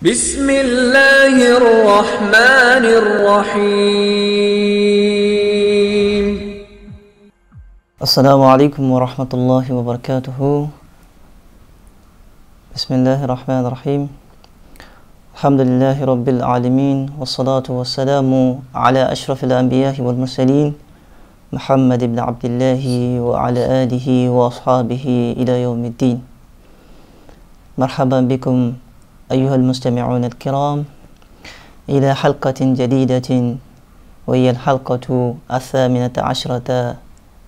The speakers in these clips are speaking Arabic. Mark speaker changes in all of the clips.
Speaker 1: بسم
Speaker 2: الله الرحمن الرحيم السلام عليكم ورحمة الله وبركاته بسم الله الرحمن الرحيم الحمد لله رب العالمين والصلاة والسلام على أشرف الأنبياء والمرسلين محمد بن عبد الله وعلى آله وأصحابه إلى يوم الدين مرحبا بكم أيها المستمعون الكرام إلى حلقة جديدة وهي الحلقة الثامنة عشرة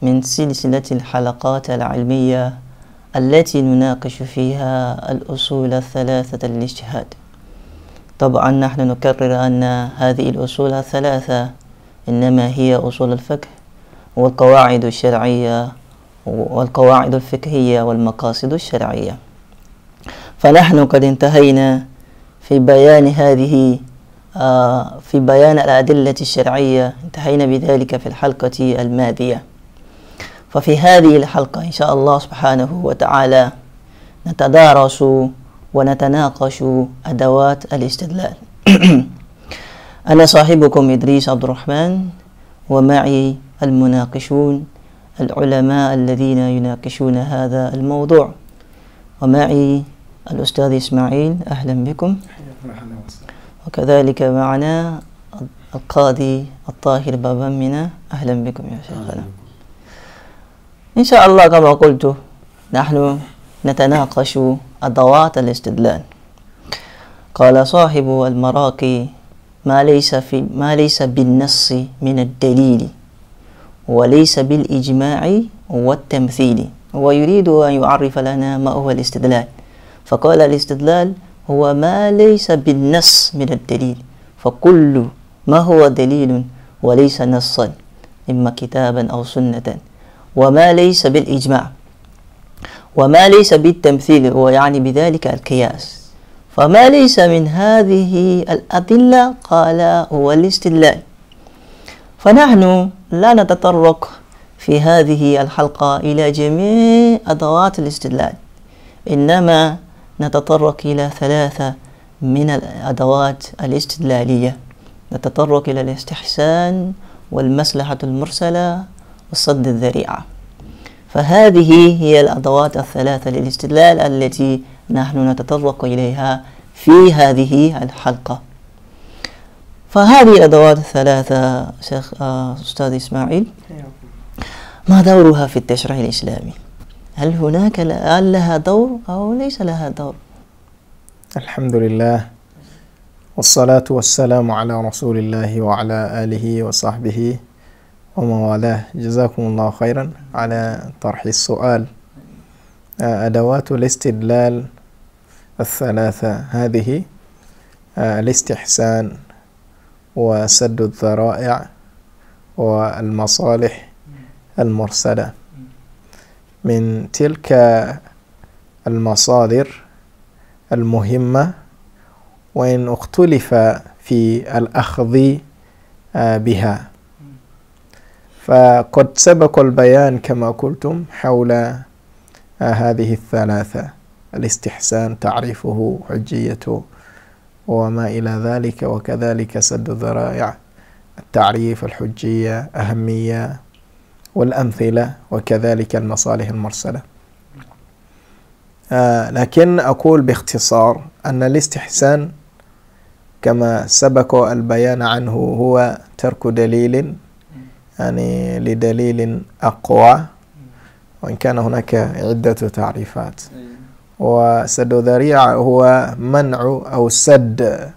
Speaker 2: من سلسلة الحلقات العلمية التي نناقش فيها الأصول الثلاثة للاجتهاد طبعا نحن نكرر أن هذه الأصول الثلاثة إنما هي أصول الفقه والقواعد الشرعية والقواعد الفقهية والمقاصد الشرعية فنحن قد انتهينا في بيان هذه آه، في بيان الأدلة الشرعية انتهينا بذلك في الحلقة الماضية ففي هذه الحلقة إن شاء الله سبحانه وتعالى نتدارس ونتناقش أدوات الاستدلال أنا صاحبكم إدريس عبد الرحمن ومعي المناقشون العلماء الذين يناقشون هذا الموضوع ومعي الأستاذ إسماعيل أهلا بكم وكذلك معنا القاضي الطاهر بابا منا أهلا بكم يا شيخنا إن شاء الله كما قلت نحن نتناقش أدوات الاستدلال قال صاحب المراقي ما ليس في ما ليس بالنص من الدليل وليس بالإجماع والتمثيل ويريد أن يعرف لنا ما هو الاستدلال فقال الاستدلال هو ما ليس بالنص من الدليل فكل ما هو دليل وليس نصا إما كتابا أو سنة وما ليس بالإجماع وما ليس بالتمثيل هو يعني بذلك القياس فما ليس من هذه الأدلة قال هو الاستدلال فنحن لا نتطرق في هذه الحلقة إلى جميع أدوات الاستدلال إنما نتطرق إلى ثلاثة من الأدوات الاستدلالية نتطرق إلى الاستحسان والمصلحة المرسلة وصد الذريعة فهذه هي الأدوات الثلاثة للاستدلال التي نحن نتطرق إليها في هذه الحلقة فهذه الأدوات الثلاثة شيخ آه، أستاذ إسماعيل أيوة. ما دورها في التشريع الإسلامي؟ هل هناك هل لها دور أو ليس لها دور
Speaker 1: الحمد لله والصلاة والسلام على رسول الله وعلى آله وصحبه ومن والاه جزاكم الله خيرا على طرح السؤال آه، أدوات الاستدلال الثلاثة هذه آه، الاستحسان وسد الذرائع والمصالح المرسله من تلك المصادر المهمة وإن اختلف في الأخذ آه، بها فقد سبق البيان كما قلتم حول آه، هذه الثلاثة الاستحسان تعريفه حجيته وما إلى ذلك وكذلك سد الذرائع التعريف الحجية أهمية والأمثلة وكذلك المصالح المرسلة آه لكن أقول باختصار أن الاستحسان كما سبق البيان عنه هو ترك دليل يعني لدليل أقوى وإن كان هناك عدة تعريفات وسد ذريعة هو منع أو سد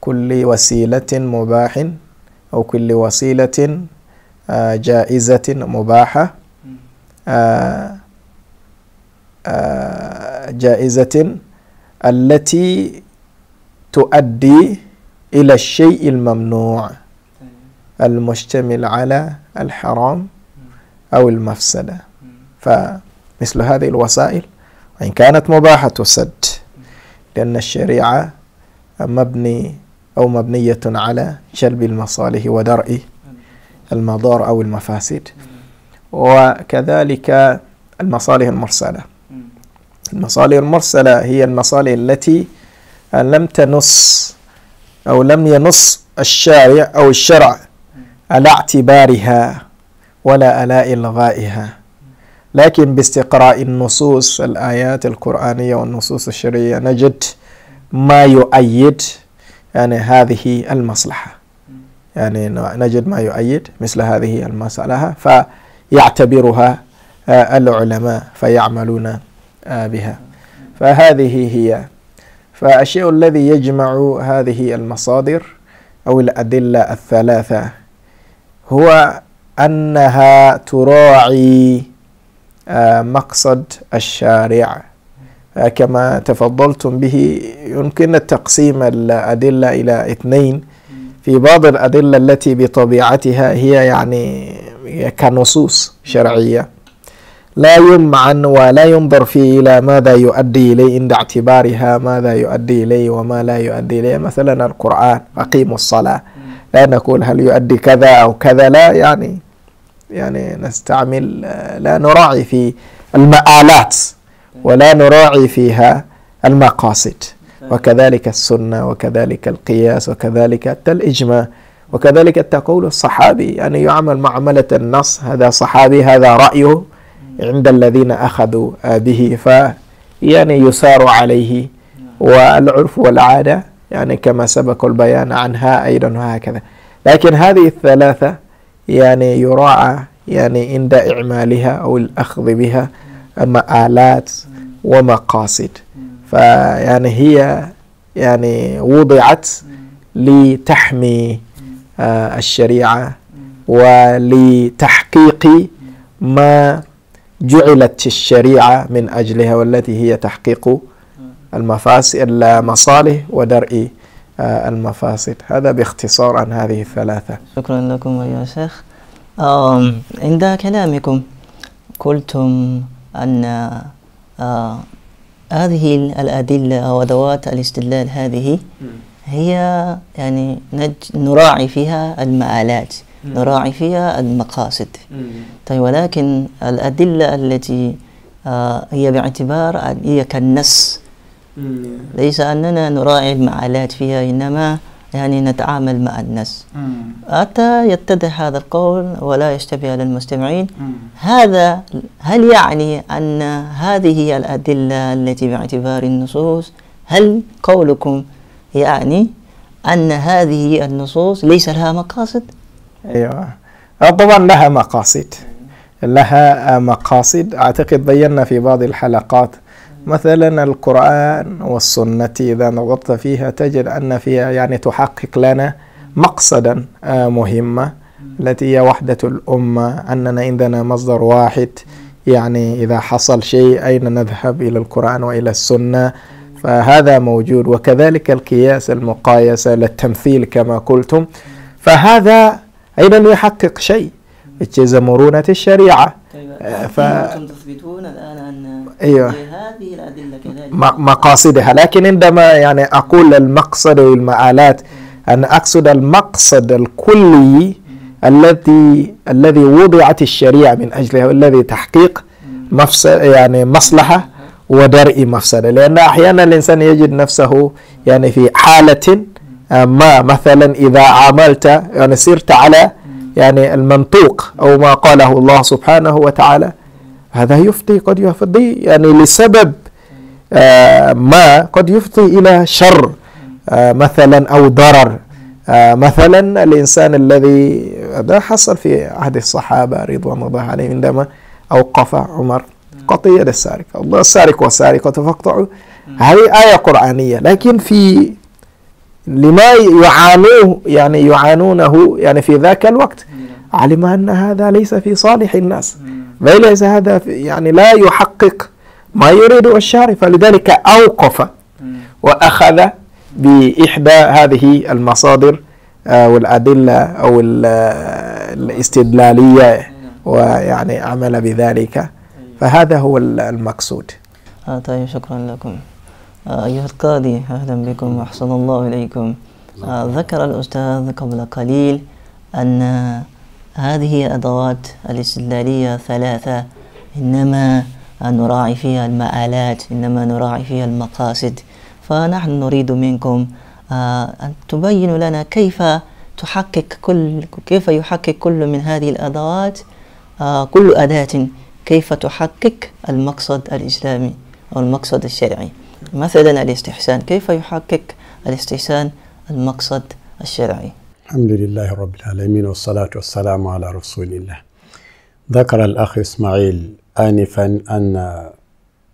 Speaker 1: كل وسيلة مباح أو كل وسيلة آه، جائزة مباحة آه، آه، جائزة التي تؤدي إلى الشيء الممنوع المشتمل على الحرام أو المفسدة فمثل هذه الوسائل وإن كانت مباحة تسد لأن الشريعة مبني أو مبنية على جلب المصالح ودرء المضار أو المفاسد وكذلك المصالح المرسلة المصالح المرسلة هي المصالح التي لم تنص أو لم ينص الشارع أو الشرع على اعتبارها ولا على إلغائها لكن باستقراء النصوص الآيات القرآنية والنصوص الشرعية نجد ما يؤيد يعني هذه المصلحة يعني نجد ما يؤيد مثل هذه المسألة فيعتبرها آه، العلماء فيعملون آه، بها فهذه هي فالشيء الذي يجمع هذه المصادر أو الأدلة الثلاثة هو أنها تراعي آه، مقصد الشارع كما تفضلتم به يمكن تقسيم الأدلة إلى اثنين في بعض الأدلة التي بطبيعتها هي يعني كنصوص شرعية لا يمعن ولا ينظر فيه إلى ماذا يؤدي إليه عند اعتبارها ماذا يؤدي إليه وما لا يؤدي إليه مثلا القرآن أقيموا الصلاة لا نقول هل يؤدي كذا أو كذا لا يعني يعني نستعمل لا نراعي في المآلات ولا نراعي فيها المقاصد وكذلك السنة وكذلك القياس وكذلك حتى الإجماع وكذلك التقول الصحابي يعني يعمل معاملة النص هذا صحابي هذا رأيه عند الذين أخذوا به ف يعني يسار عليه والعرف والعادة يعني كما سبق البيان عنها أيضا وهكذا لكن هذه الثلاثة يعني يراعى يعني عند إعمالها أو الأخذ بها مآلات ومقاصد فيعني هي يعني وضعت لتحمي آه، الشريعة ولتحقيق ما جعلت الشريعة من أجلها والتي هي تحقيق المفاسد المصالح ودرء آه، المفاسد هذا باختصار عن هذه
Speaker 2: الثلاثة شكرا لكم يا شيخ عند كلامكم قلتم أن آه، هذه الأدلة أو أدوات الاستدلال هذه هي يعني نراعي فيها المآلات نراعي فيها المقاصد طيب ولكن الأدلة التي آه، هي باعتبار هي كالنص ليس أننا نراعي المآلات فيها إنما يعني نتعامل مع الناس حتى يتضح هذا القول ولا يشتبه للمستمعين هذا هل يعني أن هذه هي الأدلة التي باعتبار النصوص هل قولكم يعني أن هذه النصوص ليس لها مقاصد أيوة آه، طبعا لها مقاصد لها
Speaker 1: مقاصد أعتقد بينا في بعض الحلقات مثلا القرآن والسنة إذا نظرت فيها تجد أن فيها يعني تحقق لنا مقصدا آه، مهمة التي هي وحدة الأمة أننا عندنا مصدر واحد يعني إذا حصل شيء أين نذهب إلى القرآن وإلى السنة فهذا موجود وكذلك القياس المقايسة للتمثيل كما قلتم فهذا أيضا يحقق شيء مرونة الشريعة طيب آه، ف... تثبتون الآن ايوه هذه الادله كذلك مقاصدها لكن عندما يعني اقول المقصد والمآلات انا اقصد المقصد الكلي الذي الذي وضعت الشريعه من اجله والذي تحقيق مفسد يعني مصلحه ودرء مفسده لان احيانا الانسان يجد نفسه يعني في حاله آه، ما مثلا اذا عملت يعني سرت على يعني المنطوق او ما قاله الله سبحانه وتعالى هذا يفضي قد يفضي يعني لسبب آه، ما قد يفضي إلى شر آه، مثلا أو ضرر آه، مثلا الإنسان الذي هذا حصل في عهد الصحابة رضوان الله عليهم عندما أوقف عمر قضية السارق الله السارق والسارقة فاقطعوا هذه آية قرآنية لكن في لما يعانوه يعني يعانونه يعني في ذاك الوقت علم أن هذا ليس في صالح الناس فليس هذا يعني لا يحقق ما يريده الشارع فلذلك أوقف وأخذ بإحدى هذه المصادر آه، والأدلة أو الاستدلالية نعم. ويعني عمل بذلك
Speaker 2: فهذا هو المقصود آه، طيب شكرا لكم آه، أيها القاضي أهلا بكم وأحسن الله إليكم ذكر الأستاذ قبل قليل أن هذه أدوات الاستدلالية ثلاثة إنما نراعي فيها المآلات إنما نراعي فيها المقاصد فنحن نريد منكم آه، أن تبينوا لنا كيف تحقق كل كيف يحقق كل من هذه الأدوات آه، كل أداة كيف تحقق المقصد الإسلامي أو المقصد الشرعي مثلا الاستحسان كيف يحقق الاستحسان المقصد الشرعي
Speaker 3: الحمد لله رب العالمين والصلاة والسلام على رسول الله ذكر الأخ إسماعيل آنفا أن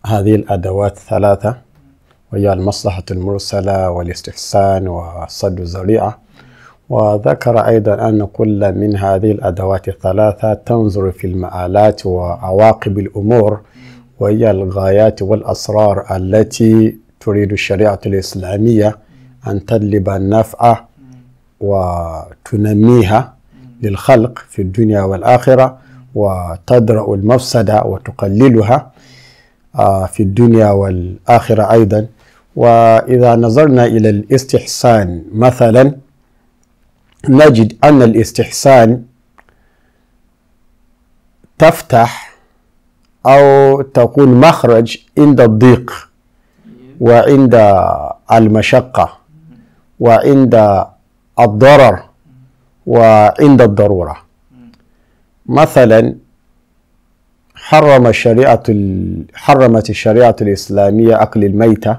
Speaker 3: هذه الأدوات الثلاثة وهي المصلحة المرسلة والاستحسان وصد الزريعة وذكر أيضا أن كل من هذه الأدوات الثلاثة تنظر في المآلات وعواقب الأمور وهي الغايات والأسرار التي تريد الشريعة الإسلامية أن تدلب النفع وتنميها للخلق في الدنيا والآخرة وتدرأ المفسدة وتقللها آه، في الدنيا والآخرة أيضا وإذا نظرنا إلى الاستحسان مثلا نجد أن الاستحسان تفتح أو تكون مخرج عند الضيق وعند المشقة وعند الضرر وعند الضرورة مثلا حرم الشريعة حرمت الشريعة الإسلامية أكل الميتة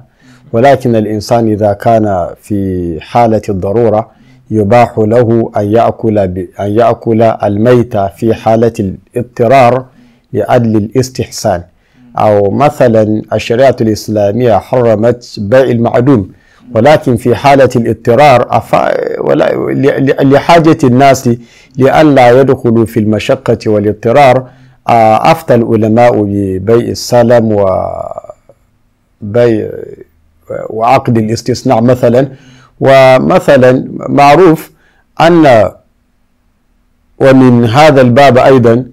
Speaker 3: ولكن الإنسان إذا كان في حالة الضرورة يباح له أن يأكل أن يأكل الميتة في حالة الاضطرار لأجل الاستحسان أو مثلا الشريعة الإسلامية حرمت بيع المعدوم ولكن في حالة الاضطرار أفا لحاجة الناس لئلا يدخلوا في المشقة والاضطرار آه، أفتى العلماء ببيع السلم وبيع وعقد الاستثناء مثلا ومثلا معروف أن ومن هذا الباب أيضا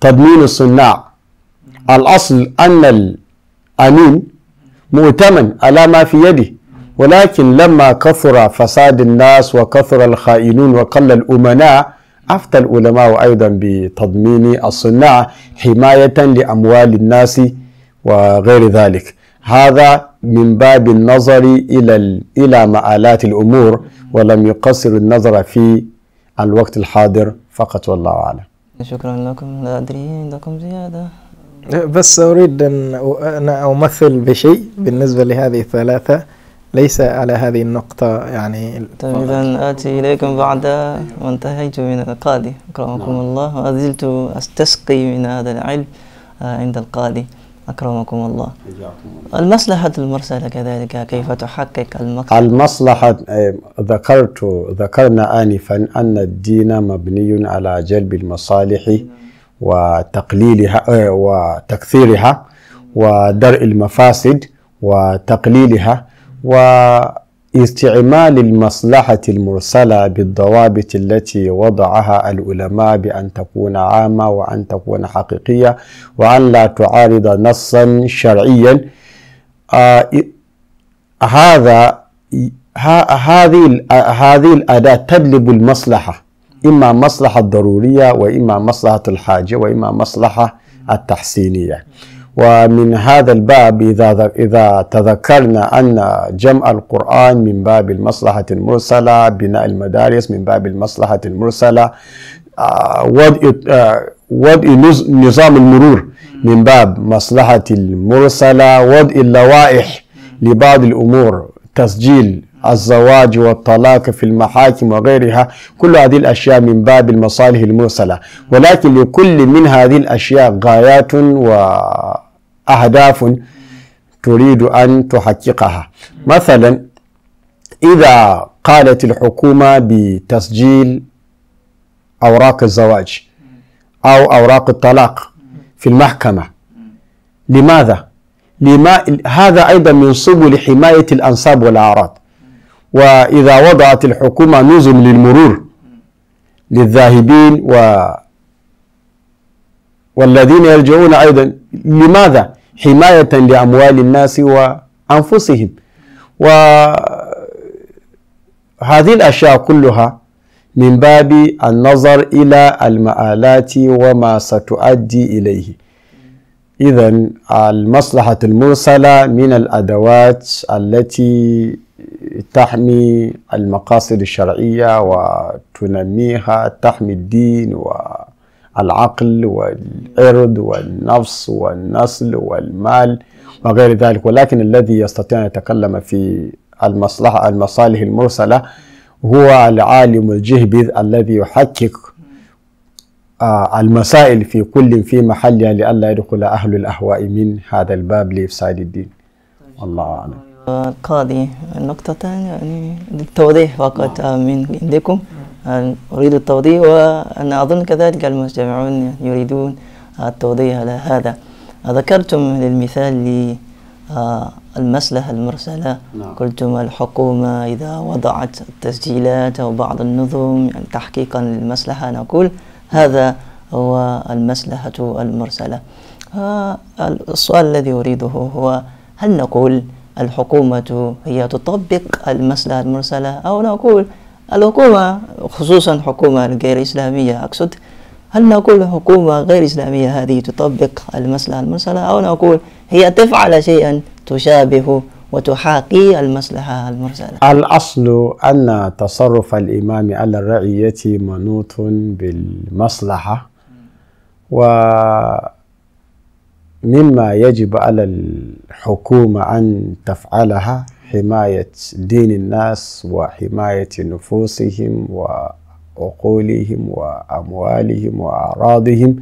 Speaker 3: تضمين الصناع الأصل أن الأمين مؤتمن على ما في يده ولكن لما كثر فساد الناس وكثر الخائنون وقل الأمناء أفتى العلماء أيضا بتضمين الصناع حماية لأموال الناس وغير ذلك هذا من باب النظر إلى إلى مآلات الأمور ولم يقصر النظر في
Speaker 1: الوقت الحاضر فقط والله أعلم
Speaker 2: شكرا لكم لا أدري عندكم زيادة
Speaker 1: بس أريد أن أمثل بشيء بالنسبة لهذه الثلاثة ليس على هذه النقطة يعني طيب
Speaker 2: إذا آتي إليكم بعد وانتهيت من القاضي أكرمكم نعم. الله وأزلت آه، أستسقي من هذا العلم آه، عند القاضي أكرمكم الله المصلحة المرسلة كذلك كيف تحقق المقصد
Speaker 3: المصلحة آه، ذكرت ذكرنا آنفا أن الدين مبني على جلب المصالح وتقليلها وتكثيرها ودرء المفاسد وتقليلها واستعمال المصلحة المرسلة بالضوابط التي وضعها العلماء بأن تكون عامة وأن تكون حقيقية وأن لا تعارض نصا شرعيا آه هذا هذه هذه الأداة تجلب المصلحة إما مصلحة ضرورية وإما مصلحة الحاجة وإما مصلحة التحسينية ومن هذا الباب إذا إذا تذكرنا أن جمع القرآن من باب المصلحة المرسلة بناء المدارس من باب المصلحة المرسلة آه، وضع آه، وضع نظام المرور من باب مصلحة المرسلة وضع اللوائح لبعض الأمور تسجيل الزواج والطلاق في المحاكم وغيرها كل هذه الأشياء من باب المصالح المرسلة ولكن لكل من هذه الأشياء غايات و أهداف تريد أن تحققها مثلا إذا قالت الحكومة بتسجيل أوراق الزواج أو أوراق الطلاق في المحكمة لماذا؟ لما هذا أيضا من سبل حماية الأنصاب والأعراض وإذا وضعت الحكومة نظم للمرور للذاهبين و والذين يرجعون أيضا لماذا؟ حماية لأموال الناس وأنفسهم وهذه الأشياء كلها من باب النظر إلى المآلات وما ستؤدي إليه إذن المصلحة المرسلة من الأدوات التي تحمي المقاصد الشرعية وتنميها تحمي الدين و العقل والإرض والنفس والنسل والمال وغير ذلك ولكن الذي يستطيع أن يتكلم في المصلحة المصالح المرسلة هو العالم الجهبذ الذي يحقق آه، المسائل في كل في محلها لئلا يدخل أهل الأهواء من هذا الباب لإفساد الدين الله أعلم
Speaker 2: قاضي النقطة يعني للتوضيح فقط من نعم. عندكم آه، أريد التوضيح وأنا أظن كذلك المستمعون يريدون التوضيح على هذا ذكرتم للمثال آه، المسلحة المرسلة نعم. قلتم الحكومة إذا وضعت التسجيلات أو بعض النظم يعني تحقيقا للمسلحة نقول هذا هو المسلحة المرسلة آه، السؤال الذي أريده هو هل نقول الحكومة هي تطبق المسألة المرسلة أو نقول الحكومة خصوصا حكومة غير إسلامية أقصد هل نقول حكومة غير إسلامية هذه تطبق المسألة المرسلة أو نقول هي تفعل شيئا تشابه وتحاكي المصلحة المرسلة
Speaker 3: الأصل أن تصرف الإمام على الرعية منوط بالمصلحة و مما يجب على الحكومة أن تفعلها حماية دين الناس وحماية نفوسهم وعقولهم وأموالهم وأعراضهم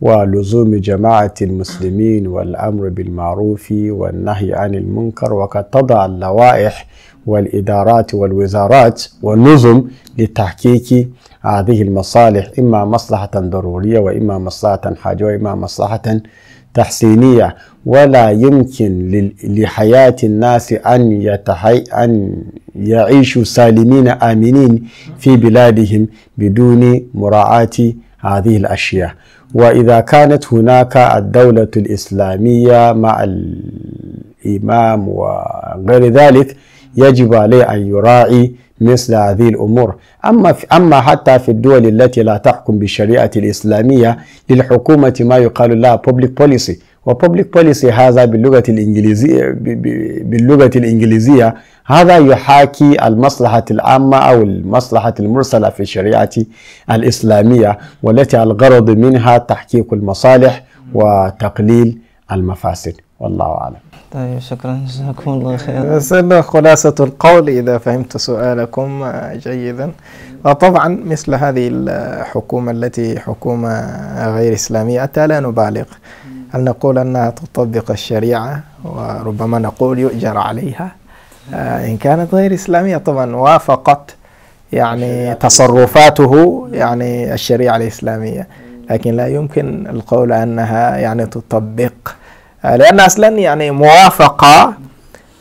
Speaker 3: ولزوم جماعة المسلمين والأمر بالمعروف والنهي عن المنكر وقد تضع اللوائح والإدارات والوزارات والنظم لتحقيق هذه المصالح إما مصلحة ضرورية وإما مصلحة حاجة وإما مصلحة تحسينية ولا يمكن لحياة الناس أن يتحي أن يعيشوا سالمين آمنين في بلادهم بدون مراعاة هذه الأشياء وإذا كانت هناك الدولة الإسلامية مع الإمام وغير ذلك يجب عليه أن يراعي مثل هذه الأمور أما, في أما حتى في الدول التي لا تحكم بالشريعة الإسلامية للحكومة ما يقال لها public policy وببليك بوليسي هذا باللغة الإنجليزية باللغة الإنجليزية هذا يحاكي المصلحة العامة أو المصلحة المرسلة في الشريعة الإسلامية والتي الغرض منها تحقيق المصالح وتقليل المفاسد والله أعلم
Speaker 2: طيب شكرا جزاكم الله خيرا بس
Speaker 1: خلاصة القول إذا فهمت سؤالكم جيدا وطبعا مثل هذه الحكومة التي حكومة غير إسلامية حتى لا نبالغ هل نقول أنها تطبق الشريعة وربما نقول يؤجر عليها آه، إن كانت غير إسلامية طبعا وافقت يعني تصرفاته يعني الشريعة الإسلامية لكن لا يمكن القول أنها يعني تطبق لأن أصلا يعني موافقة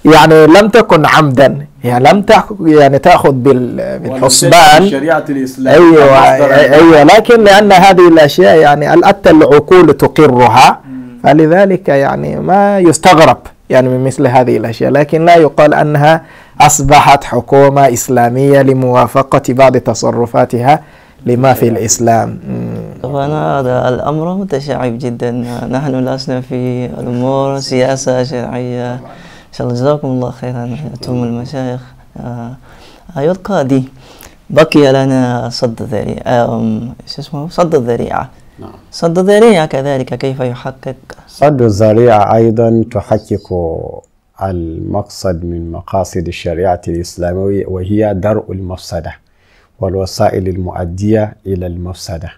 Speaker 1: يعني لم تكن عمدا يعني لم يعني تأخذ بالحسبان
Speaker 3: شريعة الإسلام أيوة, أيوة،, أيوة
Speaker 1: لكن لأن هذه الأشياء يعني حتى العقول تقرها فلذلك يعني ما يستغرب يعني من مثل هذه الأشياء لكن لا يقال أنها أصبحت حكومة إسلامية لموافقة بعض تصرفاتها لما في الإسلام
Speaker 2: فأنا هذا الأمر متشعب جدا نحن لسنا في الأمور سياسة شرعية إن شاء الله جزاكم الله خيرا أنتم المشايخ أيوة القاضي بقي لنا صد الذريعة شو اسمه صد الذريعة نعم. صد الذريعة كذلك كيف يحقق
Speaker 3: صد الذريعة أيضا تحقق المقصد من مقاصد الشريعة الإسلامية وهي درء المفسدة والوسائل المؤدية إلى المفسدة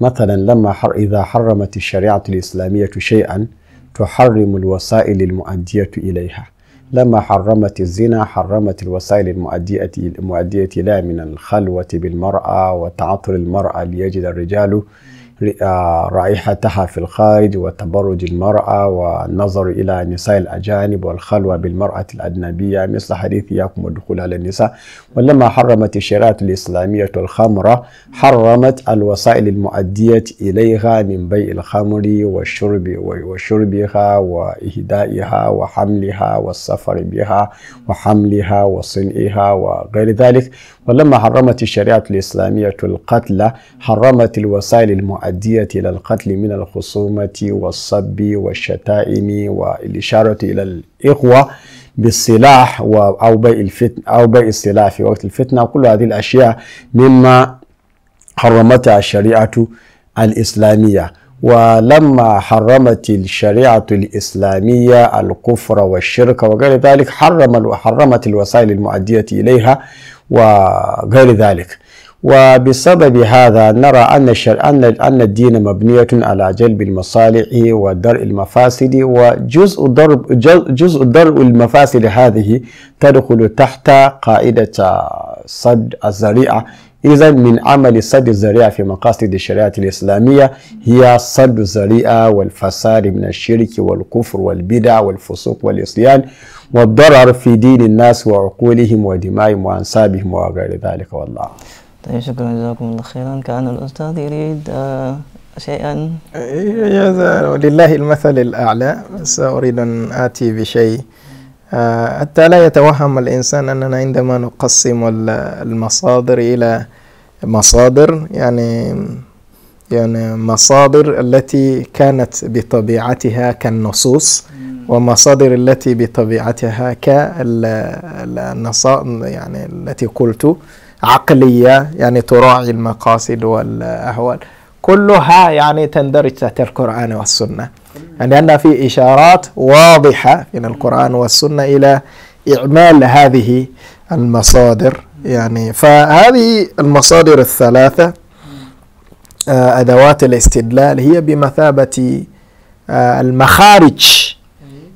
Speaker 3: مثلا لما حر إذا حرمت الشريعة الإسلامية شيئا تحرم الوسائل المؤدية إليها لما حرمت الزنا حرمت الوسائل المؤدية المؤدية لها من الخلوة بالمرأة وتعطل المرأة ليجد الرجال رائحتها في الخارج وتبرج المرأة والنظر إلى النساء الأجانب والخلوة بالمرأة الأجنبية مثل حديث إياكم والدخول على النساء ولما حرمت الشريعة الإسلامية الخمرة حرمت الوسائل المؤدية إليها من بيع الخمر والشرب وشربها وإهدائها وحملها والسفر بها وحملها وصنعها وغير ذلك ولما حرمت الشريعة الإسلامية القتل حرمت الوسائل المؤدية المؤدية إلى القتل من الخصومة والصب والشتائم والإشارة إلى الإخوة بالسلاح أو بيع الفتن أو بيع السلاح في وقت الفتنة كل هذه الأشياء مما حرمتها الشريعة الإسلامية ولما حرمت الشريعة الإسلامية الكفر والشرك وغير ذلك حرم حرمت الوسائل المؤدية إليها وغير ذلك وبسبب هذا نرى أن أن أن الدين مبنية على جلب المصالح ودرء المفاسد وجزء ضرب جزء درء المفاسد هذه تدخل تحت قاعدة صد الزريعة إذا من عمل صد الزريعة في مقاصد الشريعة الإسلامية هي صد الزريعة والفساد من الشرك والكفر والبدع والفسوق والإصيان والضرر في دين الناس وعقولهم ودمائهم وأنسابهم وغير ذلك والله
Speaker 2: طيب شكرا جزاكم الله خيرا كان الأستاذ يريد آه، شيئا لله المثل
Speaker 1: الأعلى بس أريد أن آتي بشيء آه، حتى لا يتوهم الإنسان أننا عندما نقسم المصادر إلى مصادر يعني يعني مصادر التي كانت بطبيعتها كالنصوص ومصادر التي بطبيعتها كالنص يعني التي قلت عقلية يعني تراعي المقاصد والأحوال كلها يعني تندرج تحت القرآن والسنة يعني أن في إشارات واضحة من القرآن والسنة إلى إعمال هذه المصادر يعني فهذه المصادر الثلاثة آه، أدوات الاستدلال هي بمثابة آه، المخارج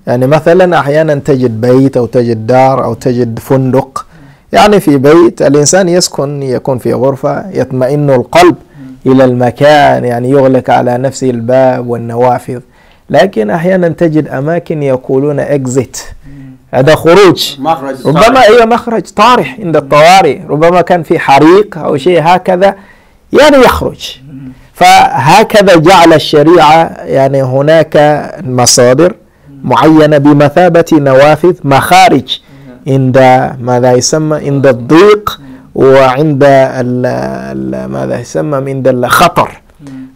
Speaker 1: يعني مثلا أحيانا تجد بيت أو تجد دار أو تجد فندق يعني في بيت الإنسان يسكن يكون في غرفة يطمئن القلب إلى المكان يعني يغلق على نفسه الباب والنوافذ لكن أحيانا تجد أماكن يقولون exit هذا خروج مخرج ربما هي إيه، مخرج طارح عند الطوارئ ربما كان في حريق أو شيء هكذا يعني يخرج فهكذا جعل الشريعة يعني هناك مصادر معينة بمثابة نوافذ مخارج عند ماذا يسمى عند الضيق وعند ماذا يسمى عند الخطر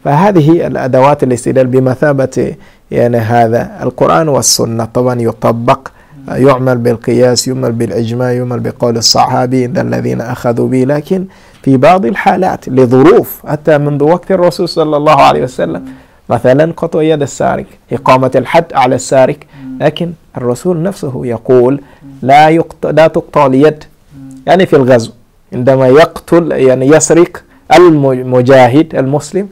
Speaker 1: فهذه الأدوات الاستدلال بمثابة يعني هذا القرآن والسنة طبعا يطبق يعمل بالقياس يعمل بالإجماع يعمل بقول الصحابي الذين أخذوا به لكن في بعض الحالات لظروف حتى منذ وقت الرسول صلى الله عليه وسلم مثلا قطع يد السارق إقامة الحد على السارق لكن الرسول نفسه يقول لا يقت... لا تقطع اليد يعني في الغزو عندما يقتل يعني يسرق المجاهد المسلم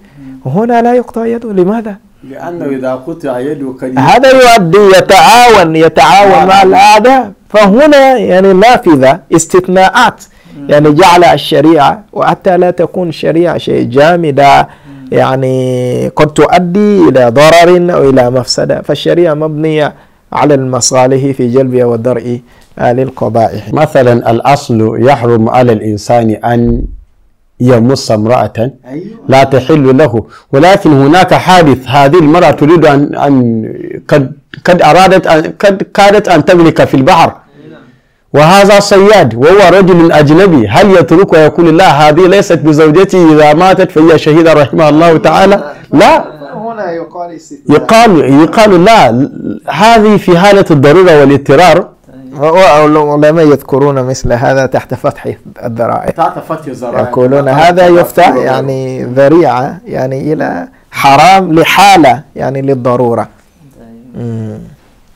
Speaker 1: هنا لا يقطع يده لماذا؟
Speaker 3: لأنه إذا قطع يده قد هذا يؤدي يتعاون يتعاون مع نعم.
Speaker 1: الأعداء فهنا يعني نافذة استثناءات يعني جعل الشريعة وحتى لا تكون الشريعة شيء جامدة يعني قد تؤدي إلى ضرر أو إلى مفسدة فالشريعة مبنية على المصالح في جلبها ودرء للقبائح
Speaker 3: مثلا الأصل يحرم على الإنسان أن يمص امرأة أيوة. لا تحل له ولكن هناك حادث هذه المرأة تريد أن, أن قد, قد أرادت أن قد كادت أن تملك في البحر وهذا صياد وهو رجل أجنبي هل يترك ويقول لا هذه ليست بزوجتي إذا ماتت فهي شهيدة رحمها الله تعالى لا هنا يقال استثناء يقال يقال
Speaker 1: لا هذه في حالة الضرورة والاضطرار والعلماء يذكرون مثل هذا تحت فتح الذرائع
Speaker 3: تحت فتح الذرائع يقولون
Speaker 1: هذا يفتح يعني ذريعة يعني إلى حرام لحالة يعني للضرورة
Speaker 2: طيب,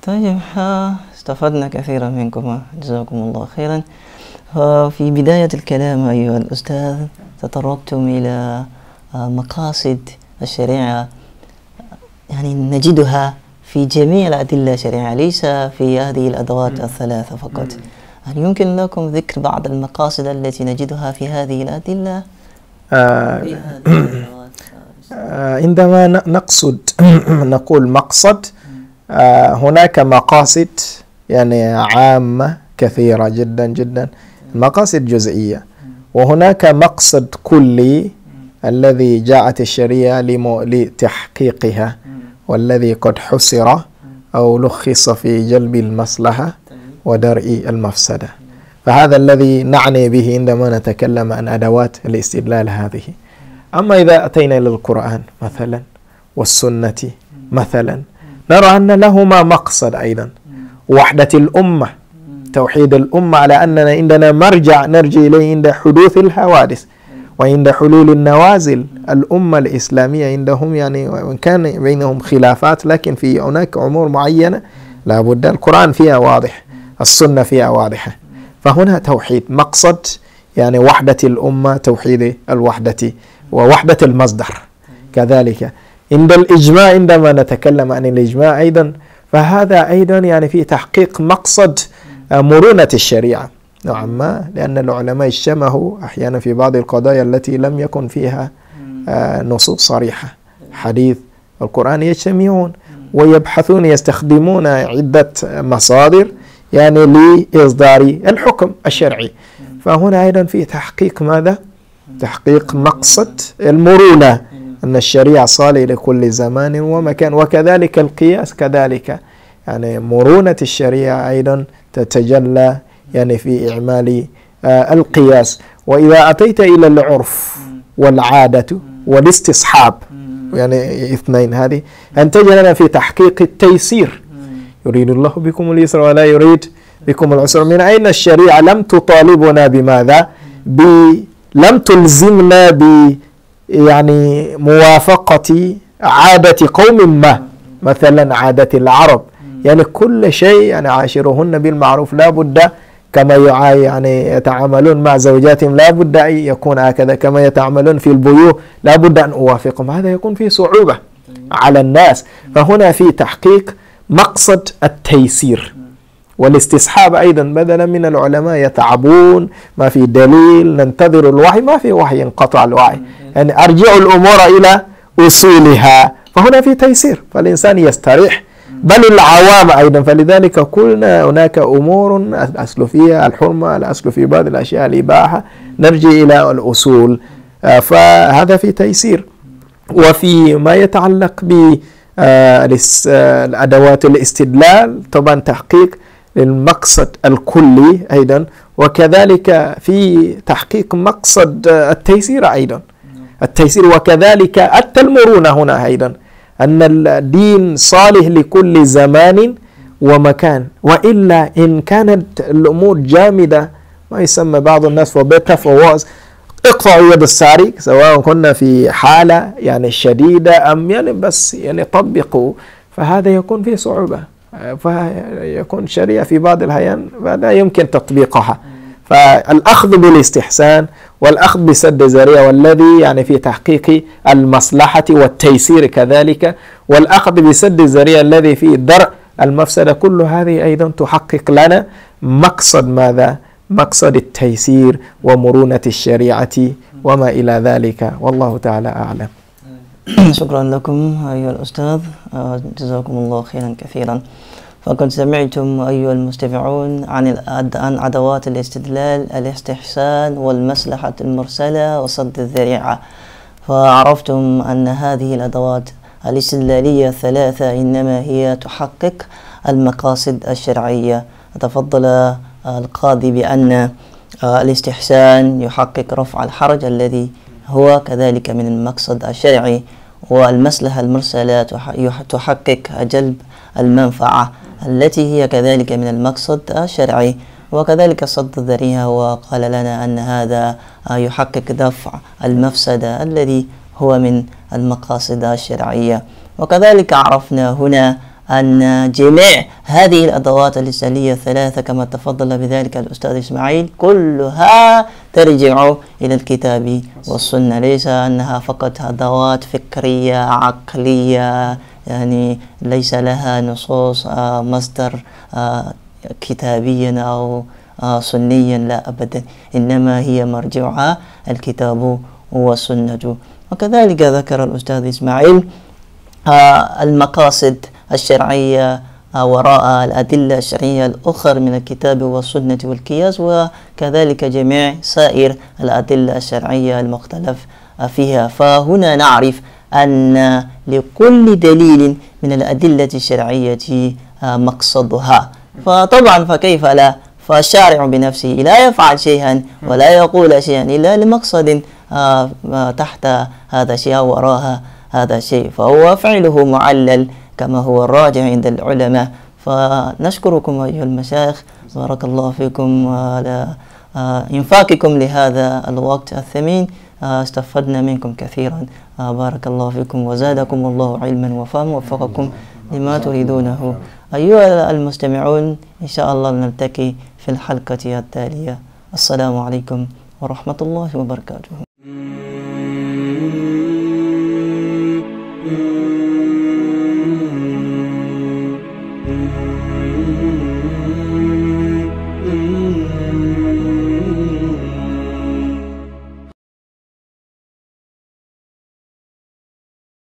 Speaker 2: طيب استفدنا كثيرا منكم جزاكم الله خيرا آه، في بداية الكلام أيها الأستاذ تطرقتم إلى آه، مقاصد الشريعة يعني نجدها في جميع الأدلة الشريعة ليس في هذه الأدوات الثلاثة فقط هل يعني يمكن لكم ذكر بعض المقاصد التي نجدها في هذه الأدلة؟ آه
Speaker 1: آه عندما نقصد نقول مقصد آه هناك مقاصد يعني عامة كثيرة جدا جدا مقاصد جزئية وهناك مقصد كلي الذي جاءت الشريعة لتحقيقها والذي قد حسر أو لخص في جلب المصلحة ودرء المفسدة فهذا الذي نعني به عندما نتكلم عن أدوات الاستدلال هذه أما إذا أتينا إلى القرآن مثلا والسنة مثلا نرى أن لهما مقصد أيضا وحدة الأمة توحيد الأمة على أننا عندنا مرجع نرجع إليه عند حدوث الحوادث وعند حلول النوازل الأمة الإسلامية عندهم يعني وإن كان بينهم خلافات لكن في هناك أمور معينة لابد القرآن فيها واضح السنة فيها واضحة فهنا توحيد مقصد يعني وحدة الأمة توحيد الوحدة ووحدة المصدر كذلك عند الإجماع عندما نتكلم عن الإجماع أيضا فهذا أيضا يعني في تحقيق مقصد آه، مرونة الشريعة نوعا نعم. ما لأن العلماء اجتمعوا أحيانا في بعض القضايا التي لم يكن فيها آه، نصوص صريحة حديث القرآن يجتمعون ويبحثون يستخدمون عدة مصادر يعني لإصدار الحكم الشرعي فهنا أيضا في تحقيق ماذا؟ تحقيق مقصد المرونة أن الشريعة صالحة لكل زمان ومكان وكذلك القياس كذلك يعني مرونة الشريعة أيضا تتجلى يعني في إعمال آه، القياس وإذا أتيت إلى العرف والعادة والاستصحاب يعني اثنين هذه أنتج لنا في تحقيق التيسير يريد الله بكم اليسر ولا يريد بكم العسر من أين الشريعة لم تطالبنا بماذا ب... لم تلزمنا ب يعني موافقة عادة قوم ما مثلا عادة العرب يعني كل شيء يعني عاشرهن بالمعروف لا بد كما يعني يتعاملون مع زوجاتهم لا بد أن يكون هكذا كما يتعاملون في البيوع لا بد أن أوافقهم هذا يكون فيه صعوبة على الناس فهنا في تحقيق مقصد التيسير والاستصحاب أيضا بدلا من العلماء يتعبون ما في دليل ننتظر الوحي ما في وحي انقطع الوحي يعني أرجعوا الأمور إلى أصولها فهنا في تيسير فالإنسان يستريح بل العوام أيضا فلذلك قلنا هناك أمور الأصل فيها الحرمة الأصل في بعض الأشياء الإباحة نرجع إلى الأصول آه، فهذا في تيسير وفي ما يتعلق بالأدوات آه، آه، الاستدلال طبعا تحقيق للمقصد الكلي أيضا وكذلك في تحقيق مقصد التيسير أيضا التيسير وكذلك حتى المرونة هنا أيضا أن الدين صالح لكل زمان ومكان وإلا إن كانت الأمور جامدة ما يسمى بعض الناس وبيتا فواز اقطعوا يد الساري سواء كنا في حالة يعني شديدة أم يعني بس يعني طبقوا فهذا يكون فيه صعوبة فيكون شريعة في بعض الأحيان فلا يمكن تطبيقها فالأخذ بالاستحسان والأخذ بسد الذريعة والذي يعني في تحقيق المصلحة والتيسير كذلك والأخذ بسد الذريعة الذي في درء المفسدة كل هذه أيضا تحقق لنا مقصد ماذا؟ مقصد التيسير ومرونة الشريعة وما إلى ذلك والله
Speaker 2: تعالى أعلم شكرا لكم أيها الأستاذ آه، جزاكم الله خيرا كثيرا فقد سمعتم أيها المستمعون عن عن أدوات الاستدلال الاستحسان والمصلحة المرسلة وصد الذريعة فعرفتم أن هذه الأدوات الاستدلالية الثلاثة إنما هي تحقق المقاصد الشرعية تفضل القاضي بأن الاستحسان يحقق رفع الحرج الذي هو كذلك من المقصد الشرعي والمصلحة المرسلة تحقق جلب المنفعة التي هي كذلك من المقصد الشرعي وكذلك صد ذريها وقال لنا أن هذا يحقق دفع المفسدة الذي هو من المقاصد الشرعية وكذلك عرفنا هنا أن جميع هذه الأدوات الإسرائيلية الثلاثة كما تفضل بذلك الأستاذ إسماعيل كلها ترجع إلى الكتاب والسنة ليس أنها فقط أدوات فكرية عقلية يعني ليس لها نصوص آه، مصدر آه، كتابيا أو آه، سنيا لا أبدا إنما هي مرجعها الكتاب والسنة وكذلك ذكر الأستاذ إسماعيل المقاصد الشرعية وراء الأدلة الشرعية الأخرى من الكتاب والسنة والقياس وكذلك جميع سائر الأدلة الشرعية المختلف فيها فهنا نعرف أن لكل دليل من الأدلة الشرعية مقصدها فطبعا فكيف لا فالشارع بنفسه لا يفعل شيئا ولا يقول شيئا إلا لمقصد آه، آه، تحت هذا الشيء وراها هذا الشيء فهو فعله معلل كما هو الراجع عند العلماء فنشكركم أيها المشايخ بارك الله فيكم على آه، إنفاقكم لهذا الوقت الثمين استفدنا منكم كثيرا بارك الله فيكم وزادكم الله علما وفهم ووفقكم لما تريدونه أيها المستمعون إن شاء الله نلتقي في الحلقة التالية السلام عليكم ورحمة الله وبركاته